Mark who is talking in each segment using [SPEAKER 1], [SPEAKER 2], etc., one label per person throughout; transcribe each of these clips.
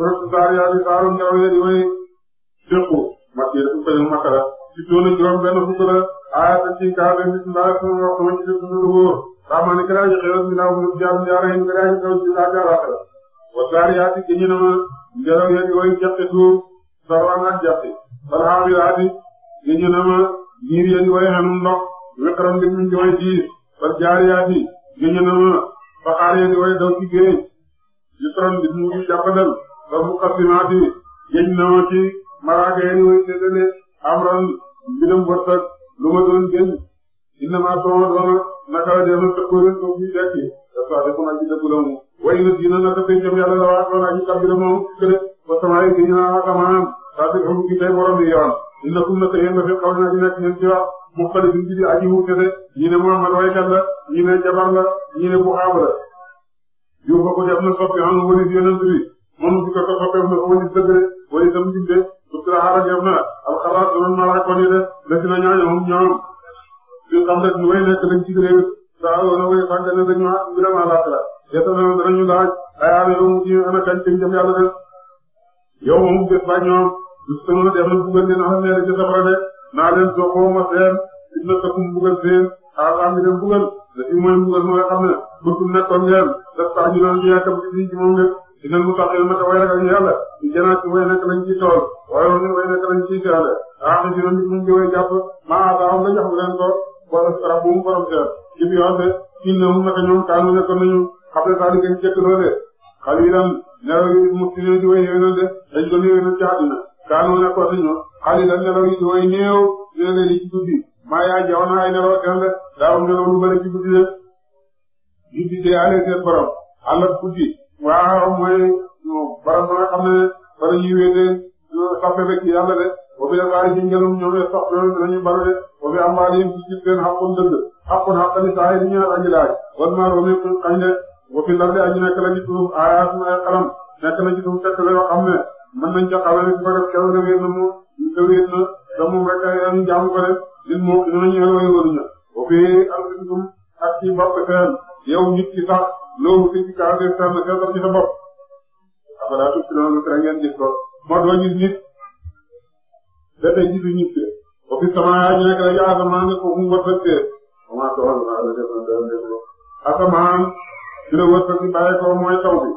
[SPEAKER 1] suratu Zaariyaat bi saaru ya di way dëkku mat yi dafa fayal makka la ci toolu juróom benn fukk aaya ta ci kaa leen di sunu góor raamaa ni kalaaji xeerat mi naa wunut jaam jaara yi kalaaji kaw ya di way jaqi tuub sarwaan ak jaqi wal Haamiraat yi gëñu na ya di way xanum ndox wiqram di muñ di way diis wal Jaariyaat yi ma faxaar ya di way daw ci géej yusran di mu ngi rabu xasimaati yëj na ma ci maraaka yi muy séddale amran mbirum wërsëg lu ma doon génn inna maa soo ma doon naka la def na tëkku rek ko fi dekki dafa def na ci dëgg la moom. waaye nag dina naka seen jëm yàlla la waa doon aji kabira moom kër ba sama yi gëj naa xamaan saa si xamu ci tey borom bi yoon inna kum naka yéen dafa xaw naa di nekk ñeen ci wax mu xale bi di aji wu kese ñi ne Muhammad waykat la ñi ne jabar la ñi ne bu xaab la yu fa ko def na soppi xam nga wëlis yonent bi moom bu ko toppatoo nga ko wëlis dëgg wëli itam jubbe xaaral jëm na alxalaat doon mala ko de nekk na ñooñu moom ñoom ñu xam rek ñu way nekk lañ ci réew saa wala ma na danañu laaj ay ci ana kañ moom bés ba ñoom du sama def na bugal leen xam ne ci safara de naa leen soxoo ma seen ibna takum bugal seen xaaral mi dem bugal da fi mooy xam ne bëggul nekkoon ngeen def tax ñu doon ci yàkkam ci de dinañ mu tax ma te way ragal yàlla di jënaat way nekk nañ ci tool waaye way nekk nañ ci gaale ah dina nit mu jëwee jàpp maa daaw nga jox leen ko wala sarab bu mu borom seet ci bi wax de na mu naka ñoom kaanu nekk nañu xam ne saa di gën jëkk nelaw yi mu ci àddina di way na de daaw nelaw lu bëri ci guddi de guddi de yàlla seen borom àll guddi waaw mooy barab ba nga xam ne fa la ñuy wéete soppeeku ci yàlla de boobu yàlla daal di ñoom it sax loolu dinañu bari de boobu amaa di gis seen xàqun dëgg xàqun xàqani saa yi di ñëwee aji laaj maa doon yëpp de boo fi lar de aji nekk la ci suuf aayaatuma ay xaram nekk na ne mën nañ ca xamee ci fa def keroog da ngeen a mu da ngeen a da mu rek a ñu jaamu ko de nit mu dinañu yore wala wala ñu boo fi alxem ak ci yow nit loo wuti ci kaw de sànn seetal ci sa bopp afala tubsiruun tere ngeen gis ko moo doo gis nit ba tey gisu nit de ba fi sama yaa ñu nekk rek yaa asamaan nga ko mu wërsëg de comment doxal naa la def na dara def asamaan ci la wërsëg bi bàyyi ko mooy taw bi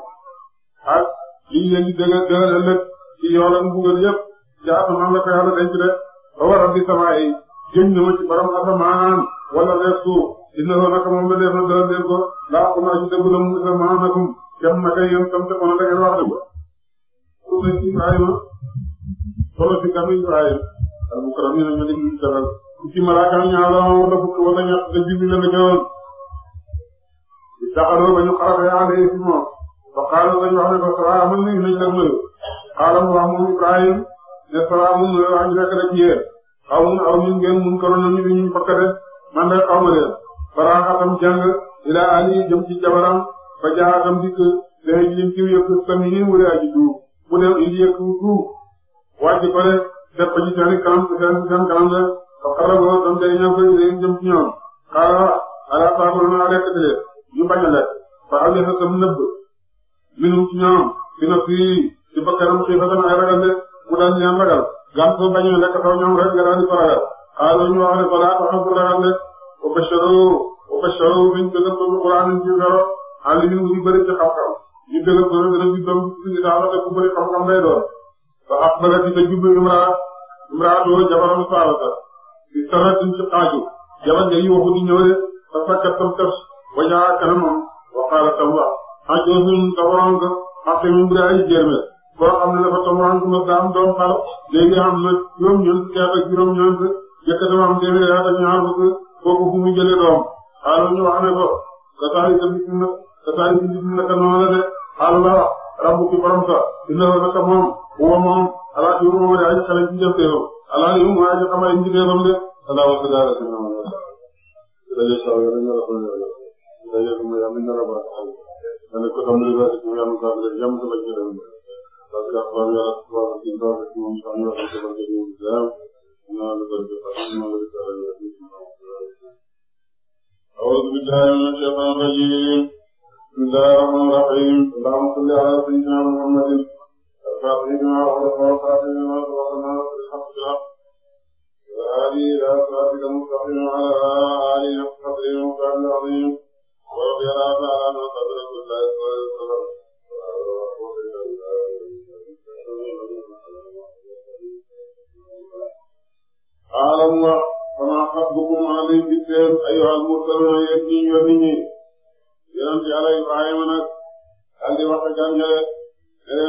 [SPEAKER 1] ak lii leen di dëgg dëgg ëllëg ci yoon ak mbugal yëpp ci asamaan la ko yàlla denc de ba waral di sama yi jëñ na ma ci borom asamaan wala leer suuf inna hoo naka moom la def na dara leen ko laa ko naa ci dëgg la mu sa maanakum jam naka yéen tam te kono da ngeen wax dëgg suuf nañ ci Ibrahima solo ci kanu Ibrahima al mukarramin ñu ngi ñu dara ci malaaka ñaar la wala fukk wala ñaar da jibril la ca woon di taxaloo ba ñu xarafee alayhi si moom ba xaaral dañu wax ne ko salaamun ni nañ la nuyu xaaral wax moom Ibrahim ne salaamun nuyu wax ñu nekk rek yéen xaw mun aw ñu ngeen mun ko ñu ñu fakk de man de xaw ma leen faraaxatam jàng ilaa ali jëm ci jabaram fa jaaxatam dikk day lim ci yëkk sami yi wuri aji duub bu dee il yëkk duub wàcc ko de def ko ci seen kanam seen seen kanam la fa xaraboo tam day ñëw ko day jëm ci ñoom xaaral ala taakuluna lekk de ñu bañ a fa awjasa tam nëbb minum ci ñoom fi na fii ci bakkanam xiifatan ay ragal de mu daan ñaan ragal gan ko bañ a lekk ñoom rek nga daan di faragal wax ne fa laa taxaw pour ragal de wa basharu wa basharu ñu dëggal ko Alxuraan ñu ci dara alimin bu ñu bëri ci xam-xam ñu dëggal ko dana ci tam ci daara te ku bëri xam-xam lay doon fa aqbalat ci jublu imra imraatu jabaram Sarata ci saratin ci xaaju jabar ja yi waxu di ñëw de fa sakkat tam tas wajaa kanamam wa qaala tam wax ajoosun tabaram ga aqimin bu ay jerme boo xam ne dafa tombant mos na am doom xar léegi am na juróom-ñeent teew ak juróom-ñeent jëkkëram am téeméer ak ñaar fukk kooku fu muy jëlee doom xaaral ñu wax ne ko kasaari sa bitim na kasaari sa bitim na ka noonu la de xaaral la rabbu ki borom sa dina la naka moom woo moom ala ci moom de aji xale ci jëf teewam ala li mu aji xamal ci teewam de ala wa sada la sama moom daje saw yalla ñu la ko ñu daje ko mu yalla ñu la ba dañ ko tam lu la ci yalla ko la jam ko la ci dem parce que xam yalla ko ci doom ci moom xam yalla ko ci doom أعوذ بالله من الشيطان الرجيم بسم الله الرحمن الرحيم اللهم صل على سيدنا محمد الفاتح لما أغلق والفاتح لما سبق الناس بالحق بالحق وآله إلى صراطك المستقيم وعلى آله حق قدره وكان عظيم itam wax sama xatbukum alayhim bi seen ayyuhal mursaluuna yéen ñi yónni ñi yonent Yàlla Ibrahima nag daal di wax ak gan ña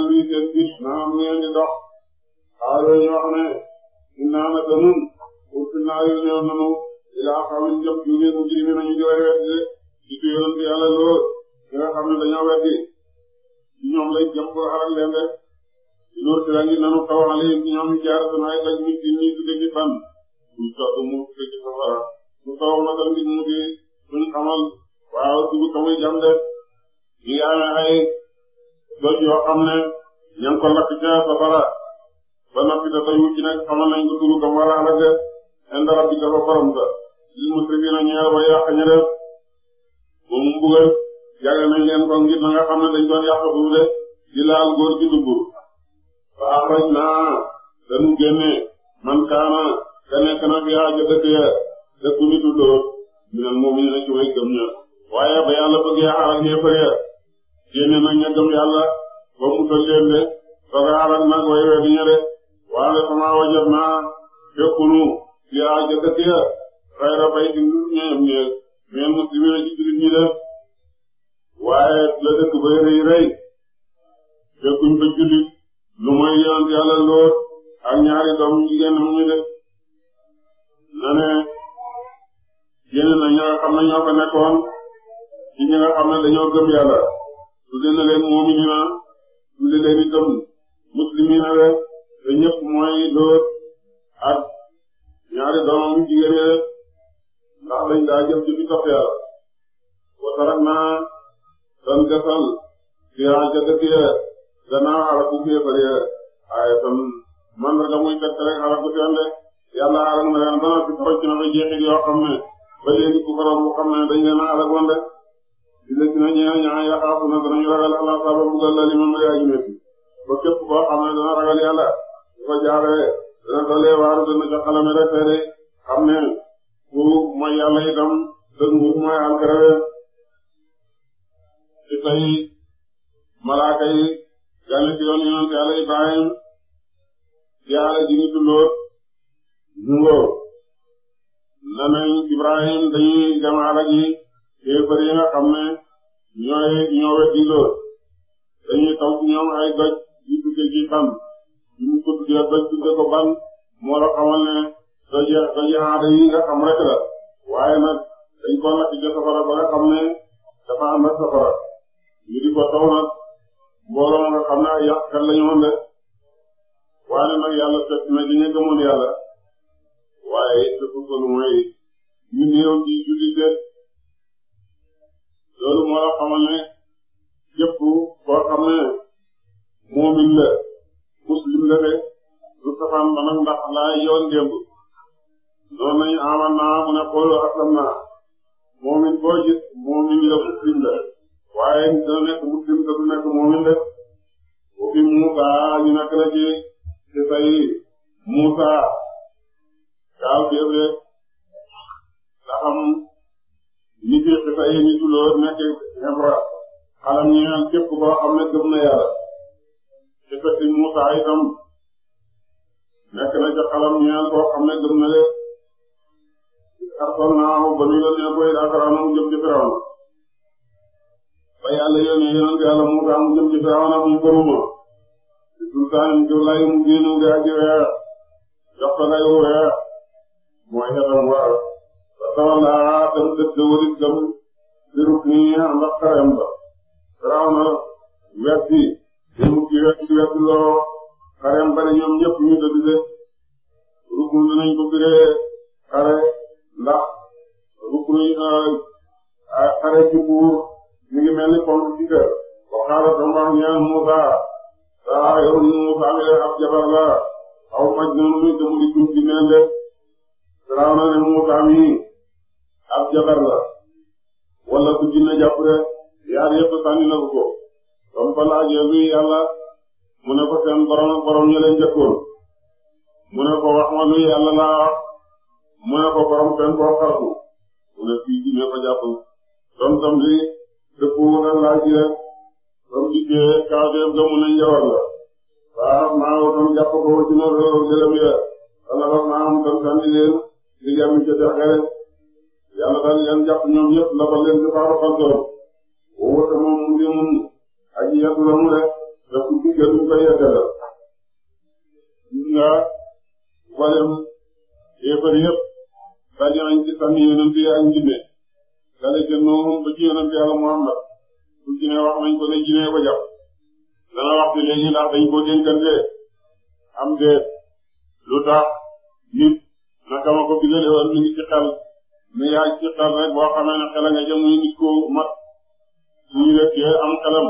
[SPEAKER 1] luy seen bis maanaam lu ngeen di dox xaaral ñu wax ne innaa naka nun ursilnaa yónnee nanu ilaa qawmin jëm juge mujrimiina ñu di way weddi di ci yonent Yàlla lool ñi nga xam ne dañoo weddi ñoom lay jëm ko xaral leen de nursila nanu taw alayhim ñoom ñu jaar sama ay daj mi ci nii tudde ci ban buñ toog mu fekk safara su toog na tamit mu di suñ xamal waaw dugub tamit jam de ñu ngi amee ay doj yoo xam ne ña ko lakk ca safara ba noppi da doy wu ci nag xamal nañ ko dugub tam war a àll ak inda rabbika ba borom sa lil musrifina ñëw ba yàq def ba mu mbugal jagal nañ leen ko ngir na nga xam ne dañ doon yàq bu de di laal góor gi dugg ba axraj naa dañu génne man kaana te nekk na fi yaa jënd dëkk ya dëkk bi tuddoo minal mu'minina ci way gëm ña waaye ba yàlla bëgg yaa xaral ñee fële génne na ña gëm yàlla ba mu toll de doon defal firaa ca dëkk ya gannaaw alaku kéefar ya waaye tam man rek muy fekk rek alaku fen de yàlla alak na leen ba noppi xocc na fa jeexit yoo xam ne ba léegi ku faral bu xam ne dañ leen a alakoon de di la si na ñeena ñaa yaxaafu na danañu ragal ala saba bugal la li moom ri aji métti ba képp koo xam ne dana ragal yàlla su ko jaaree dana dolee waaru dana ca xalame rek fee de xam ne ku mooy yàlla itam dën nguur mooy alkarawe ci say malaaka yi jàll ci yoon yonent Yàlla Ibrahim jaara ji ñu tulloo ngóor na mel Ibrahim dañuy jamaala ji kéefar yi nga xam ne ñooy ñoo weddi lool dañuy taw ci ñoom ay doj yu tukkee ci ban yu mu ko tuddee doj tuddee ko ban moo la xamal ne doj doj aada yi nga xam rek la waaye nag dañ ko lakk ci safara ba nga xam ne dafa am rek safara ñu di ko tawal mbooloo nga xam ne ay yàqkat la ñu de waaye nag yàlla fekk na ci ñu gëmoon yàlla waaye it te foofu mooy ñu néew ci jullit loolu moo la ne képp koo xam ne moomin la muslim la de lu safaan ba nag ndax laa yoon démb noonu nañu aman naa mu ne xoolu aslam naa moomin boo moomin la muslim la waaye dina nekk muslim te du nekk mu'min de wa fi ñu nekk na ci ci say Musa kaw teef rek nga xam ni ci ci say ñi tulloo nekk Ibra xalam ñu ñaan képp koo xam ne gëm na yàlla ci fetti Musa itam nekk na ci xalam ñu ñaan koo na de arsalnaahu ba ñu la ne koy ci Firawna ba yàlla yónnee yonent yàlla mu nga am jëm ci Firawna muy boruma sultaan jur lay mu génn gaa ji weer jox ko lay weer mooy xetam war ba tawallaa dem dëdd warit dem biruk nii ndax xarem ba Firawna wetti di mu ki wetti wetti loo xarem ba ñëpp ñu dëdd de rukun dinañ ko biree xare ndax rukun euh, xare ci ñu ngi mel ni pomme de terre wax naa la dama wax ñaan Musa ah yow ni Musa mi ab jabar la aw maj noonu mu di dund di mel de ne Musa mi ab jabar la wala ku jinne jàpp rek yaar yëpp sànni na ko comme que laajee luy yàlla mu ne ko seen borom borom ñu jëkkoon mu ne ko wax ma luy yàlla laa wax mu ne ko borom seen koo xaratu mu ne jinne ko jàpp tom tom li dëppoo na laaj bi rek ba mu dikkee kaafeem ga mu ne njawar la waaw maa ngi doon jàpp ko ci noor gërëm yéen wala ba maa am doon sànni leen liggéeyam bi jotee xëy yàlla daal leen jàpp ñoom ñëpp labal leen ci faaru xantoor woo te moom mu ngi mun aji yàlla la mu rek daf ko dikkee du ko yeggale. nga wàllum yéefar yëpp daje nañ ci sànni yéen a ngi fi ak njinne kale gën moom ba ci yonent yàlla Muhammad su jinne wax nañ ko ne jinne ko jàpp dana wax ci léegi ndax dañ koo dénkante am déet lu tax nit naka ma ko bidale woon mi ngi ci xel mi yaa ci xel rek boo xamee ne xel nga jëm muy nit ko mat suñu rek yee am xelam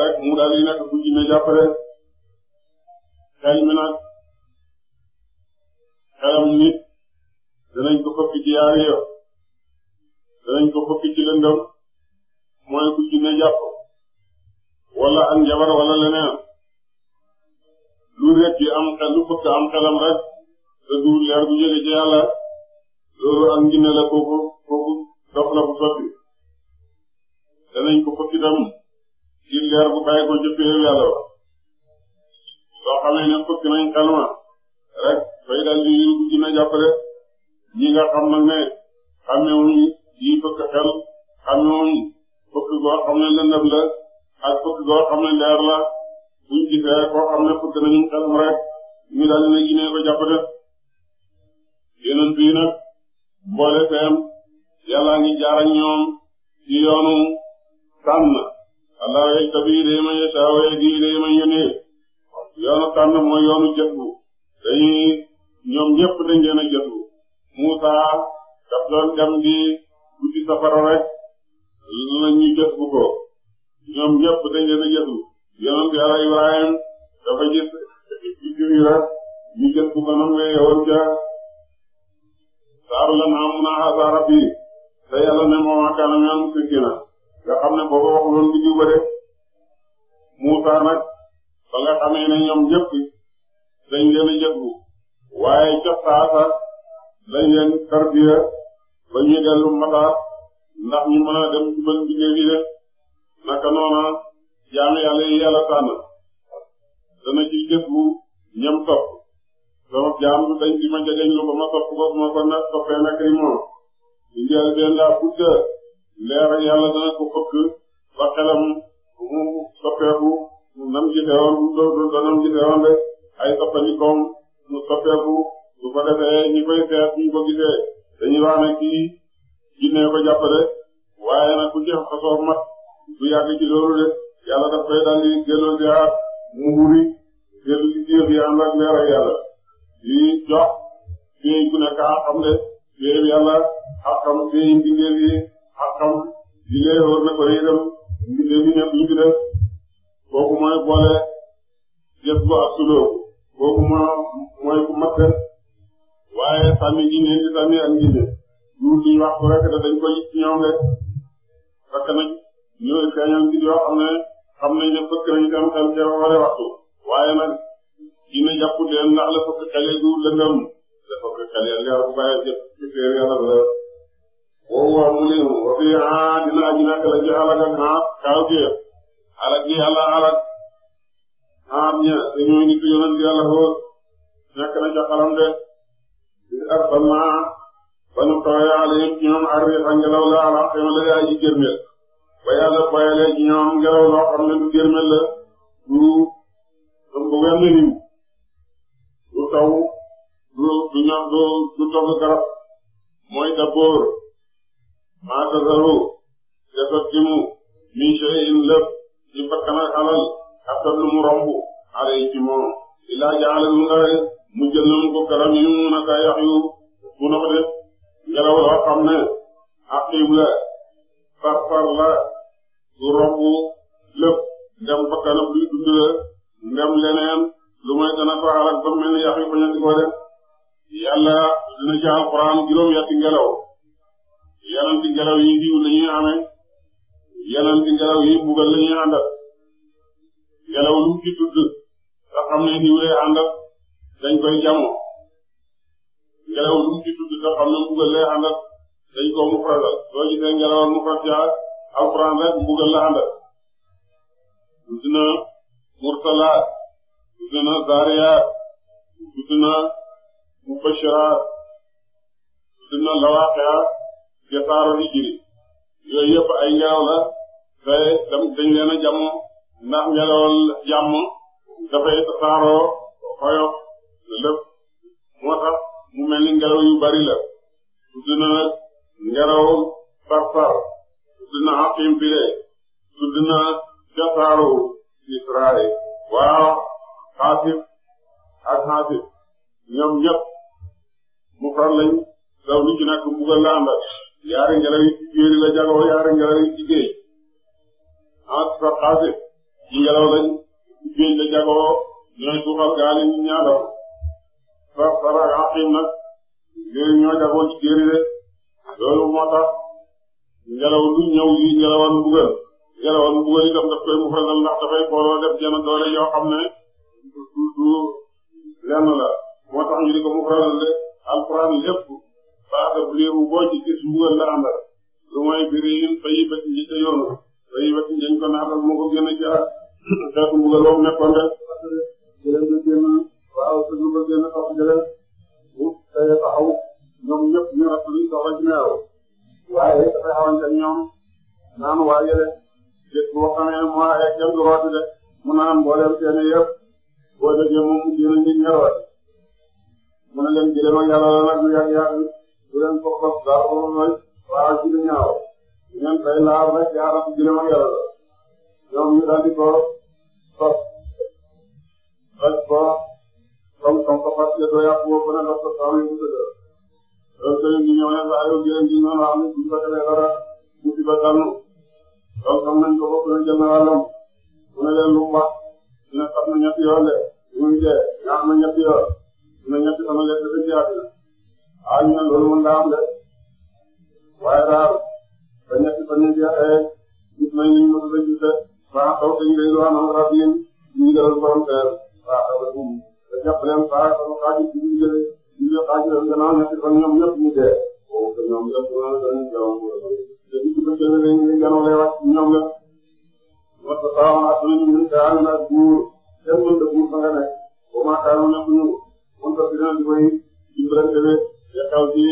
[SPEAKER 1] rek mu daal di nekk ku jinne jàppale xel mi nag xelam nit danañ ko fëkk ci yaari yoon danañ ko xëpp ci lëndëm mooy ku jinne jàpp wala ak njabar wala leneen lu lu fëkk am xelam rek te leer bu jóge ci yàlla loolu ak njinne la kooku kooku dof la bu sotti danañ ko xëpp itam ci leer bu bàyyi ko jëpp yàlla wa soo xamee ne fëkk nañ xelma rek fay dal di jinne jàpp rek ñi nga xam nag ne xamee wuñu yi bëgg xel xam ñoom bëgg goo xam ne lëndëm la ak bëgg goo xam ne leer la buñ gisee koo xam ne bëgg nañu xelam rek ñu daal dina ginee ko jàpp def yeneen bii nag boole feem ngi jaar ñoom ci yoonu tànn allah yajtabi ilayhi man yashaa'u wa yahdi ilayhi yoonu tànn mooy yoonu jëfbu dañuy ñoom ñëpp dañ leen a jëfbu Muusaa daf doon dem di ku safara rek la ñuy jëf ñoom ñëpp dañ ñu jëf bu ko wee yowoon ca saaru la naa mun a ah, xasaara bi te yàlla ne moom akaanam yaa mu sikkina nga xam ne booba wax loolu bi juba de nag ba nga xamee ne ñoom ñëpp dañ leen a jëfu waaye ca saasa dañ leen tarbiya ba ñuy dellu mataar ndax ñu mën a dem jubal mbindeef yi de naka noona jaamu yàlla yi yàlla tànn dana ci jëf ñam topp sama jaam dañ di ma jegeñ lu ba ma topp ko ma ko na toppee nag rimoon di njël benn daa budda leer yàlla dana ko fëkk ba xelam mu soppeeku nam ci xewoon do do nam ci xewoon de ay soppandikoom mu soppeeku su ko defee ñi koy seet ñu ko gisee dañuy wax ne kii jinne ko jàpp de waaye nag bu jeex xasoo mat du yàgg ci loolu de yàlla daf koy daal di delloo ziar mu wuri dellu ci jiw yi ànd ak leer ak yàlla di jox fii ku nekk a xam de fii yàlla a xam fii mbindeef yi a xam di lee wër na ko itam mbindeef yi nekk ñu fi def kooku mooy boole jëf ko ak suloo kooku mooy mooy ku mat de waaye sàmmi jinne di sàmmi ak jinne ñun suñu wax rek da dañ koy ci ñoom rek fekk nag ñooy feeñal ci yoo xam ne xam ne fëkk nañ seen xel ca war a waxtu waaye nag jinne jàpp leen ndax la fëkk du lëndëm la fëkk xale leer bu bàyyi jëf ci feer yàlla la woowu waa mu ne wa fi ah dina aji nekk la ci alak ak ah kaaw gi gi yàlla alak ña dañoo ca xalam de di arbamaa ba nu tooyee alayhim ci ñoom arriixa ngelaw la alaaxima la yaa ji gërmel ba yàlla boyalee ci ñoom ngelaw loo xam ne du gërmel la du du wenn niw du taw du du ñax du du togg garab mooy dabboor maa tasaru desot ci mu min shay'in lépp ci bakkan ak alal ak lu mu romb alay ci moom illaa ja'alahu mu jël na mu ko karam yu mu naka yax yu mu na ko def ngelaw xam ne aqib la par par la du romb lépp dem bakkanam luy dund la ndem leneen lu may dana ko alak ba mel ni yax yu bañ a di ko def yàlla dina ci alxuraan juróom yetti ngelaw yeneen ci ngelaw yi diw la ñuy amee yeneen ci ngelaw yi bugal la ñuy àndal ngelaw lu ci tudd nga xam ne diw lay àndal dañ koy jamoo ngelaw lu mu ci tudd sax ne mbugal lay àndal dañ koo mufradal soo gisee ngelawal mufrad ca alxuraan rek mbugal la àndal tudd na murtala tudd na zaria tudd na mubashira tudd na lawaqia jasaaru hijri yooyu yëpp ay ngelaw la te dañ leen a jam ndax ngelawal jàmm dafay tasaaroo xoyof lépp moo tax mu mel ni ngelaw yu bari la na ngelaw farfar tudd na xaqim bile tudd na jasaaru Israel waaw xaasif ak xaasif ñoom ñëpp mu far lañ daw lu ci nekk buggal yaari ngelaw yi ci la jagoo yaari ngelaw yi ci géej ak ngelaw lañ ci géej la jagoo ñooy suufal gaali ñu ñaadal ba ba Aqim nag yooyu ñoo jagoo ci jéeri de loolu moo tax ngelaw lu ñëw yi ngelawan mbugal ngelawan mbugal itam daf koy mu faral ndax dafay booloo def jenn doole yoo xam ne du du lenn la moo tax ñu di ko mu faral de alquran lépp baaxe bu léeru boo ci gis mbugal la àndal lu mooy biri yin fayi bati ñi ca yoonu fayi bati dañ ko naatal moo ko gën a jara def mbugal boobu nekkoon rek jëlee bu teye taxaw ñoom ñëpp ñu rafetlu soxla ci meew waaye dafay xamante ne ñoom naan waaye de lépp boo xamee mois ay kenn du rooti de mu naan mboolem seen yëpp boo déggee moom mu ne leen jëlee ma yàlla la nag lu yàgg yàgg du leen ko xos daa ko mooy waa ci lu ñaaw ñoom day laal rek yàlla la ñoom ñu daal di ko xos ko. comme comme comme parce que doo yàqu woo ba nag dafa soxla yu bëgg a loolu sëriñ bi ñëw ne waaye yow jërëjëf ñu naan am na suñu bëgg lay dara ñu si bëgg a nu loolu xam nañ ko ba ku ne jël na wàllam ku ne leen lu mu wax dina xam na ñetti yoon de ñu ngi dee dina am na ñetti yoon dina ñetti sama lekk dëgg yàlla ah ñu ne loolu mën naa am de waaye daal ba ñetti fan yu jeexee gis nañ ni ñu mën a gis de waaw xaw ma ñu ngi doon am rab yi ñu ngi doon borom kër waaw xaw ma te jàpp leen saa xamu xaaju ci biir jëlee biir la xaaju leen gannaaw ñetti fan ñoom ñëpp ñu dee. waaw te ñoom ñëpp ñoo leen dañuy gannaaw ñu dee. te biir bu fekkee ne dañuy gannaaw lay wax ñoom la. mos a saa ma ak lu ñu mën te ànd ak buur kenn mënta buur fa nga nekk. au moins daal mu nekk ñu mënta si leen di koy dimbalante ne te xaw ci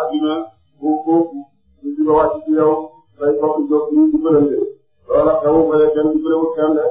[SPEAKER 1] àddina bu ko ñu di ko wàcc ci yow day bokk jóg ñu dimbalante. loolu la xaw ma bële kenn dimbalewul kenn de.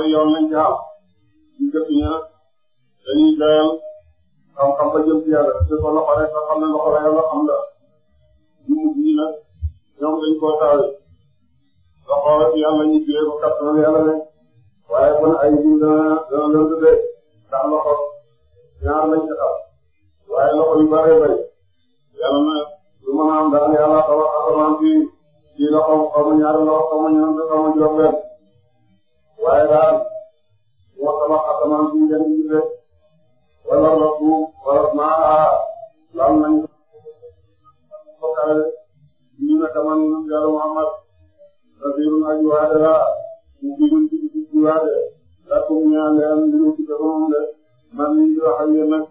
[SPEAKER 1] ñaari yoon lañ ci am ñu jëf ñu nag dañuy doyal xam-xam ba jëm ci yàlla te loxo la yàlla xam la ñu mujj ñi nag ñoom dañ koo taawe loxo rek yàlla ñu jiyee ko kattan waaye kon ay jiw dana dana lënd de ndax waaye loxo yu bare bare a a loxo xaw ma ñaari loxo xaw ma waaye daal moo tabax asamaan suñu dem ci biir wala wala maa laal nañu ko kare ñu ne kaman waade la mu bidun ci ci ci waade la man ñu wax ak yéen nag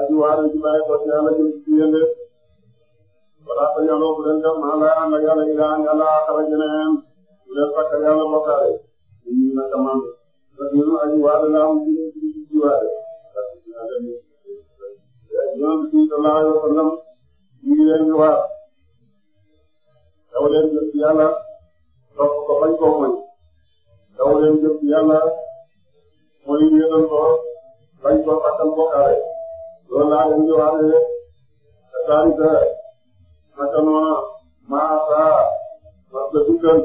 [SPEAKER 1] aji waade ci bàyyi ko ci yàlla jëm ci wala ko yàlla bu maa laa ànd ak yàlla ilaa yàlla xarajineen bu leen fàkk yàlla bokkaale ñu naka maam parce que ñun ay waat la am ñu ngi ci ci waat ñoom ci sallallahu alayhi wa sallam ñu ngi leen di waat daw leen jëf yàlla topp ko bañ koo moy daw leen jëf yàlla mooy wéetal ko bañ koo fàttal bokkaale loolu laa leen di waatee tasaari sa naka noona maa saa mas la dikkal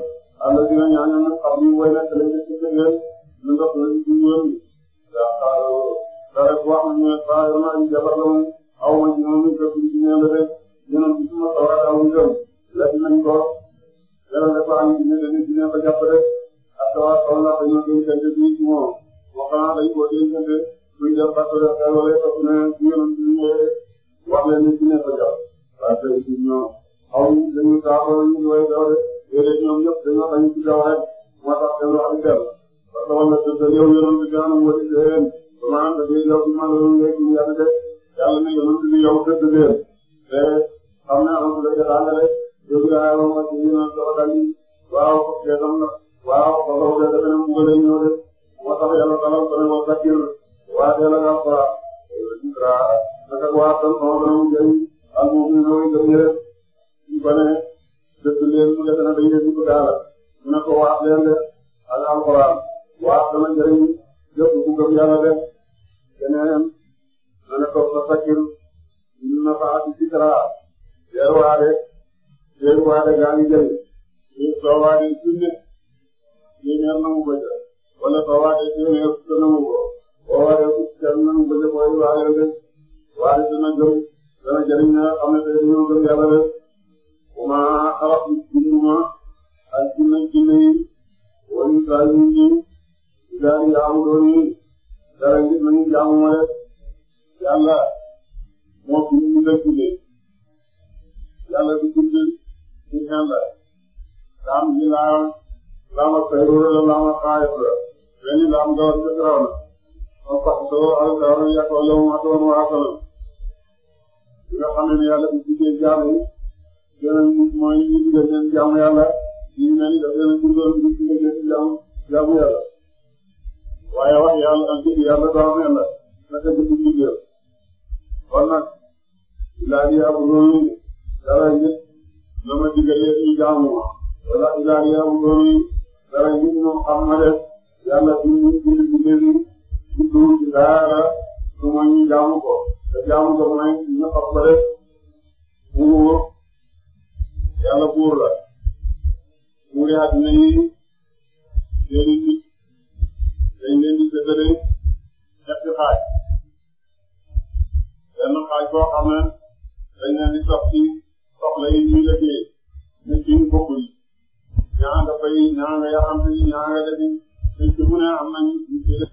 [SPEAKER 1] jàngale yóbbu yaay moom ak yéen a doog a andi waaw xeetam na waaw xaw ma ko def dafay mu bële ñëw de moo tax yàlla xamal ko ne moom Sakir waa teel a ngaa xoolaa waaw naka waa kon xaw ma ko jëriñ ak moom ñu ñëw jëriñ rek ñu ko ne dëkk leen mu def na dañuy def ñu ko daala ñu ne ko waax leen de ak alxuraan waax dana jëriñ yëpp bu gëm yàlla de keneen na ne ko fa Sakir ñu ne ko ak Sikra. weer waale weer waale gaa jël ñu soo waale junne téeméer nangu bëjë wala soo waale téeméer fukk nangu ko boo waale fukk kenn nangu bëjë booy waale rek waale dana gëm na xam ne tey ñoo gëm yàlla rek kuma xalaat binduma ak junne junne yi wala saa yu ñu gaa ngi moo fi ñu dëkk yàlla du bind ci xel la laam gi laa laama xayruura la laama xaayir la benn laam nga war ca Firawna moo tax doo al Firawna yàqoo la mu matoon waa kala bi nga xam ne yàlla du bindee jaamu yeneen mooy ñu digal leen jaamu yàlla ñu ne ni daf leen a bindoon ñu digal leen jaamu jaamu yàlla waaye wax yàlla ak yàlla doomu yàlla naka jënd bindee kon nag laa di ab loolu dara nit la ma digalee ñu jaamu ma wala idaa yaram doon dara nit moom xam na def yàlla bindu bindu bindu bindu ci dara su ma ñu jaamu ko te jaamu ko mooy ñu xam ko def buur yàlla buur la buur yaa dina yi seen i nit dañ leen di sëddale ñetti xaaj benn xaaj boo xam ne dañ leen di topp ci soxla yi ñuy liggéey nit ki ñu bokkul ñaa nga fay ñaa nga yaxamti ñaa nga defi te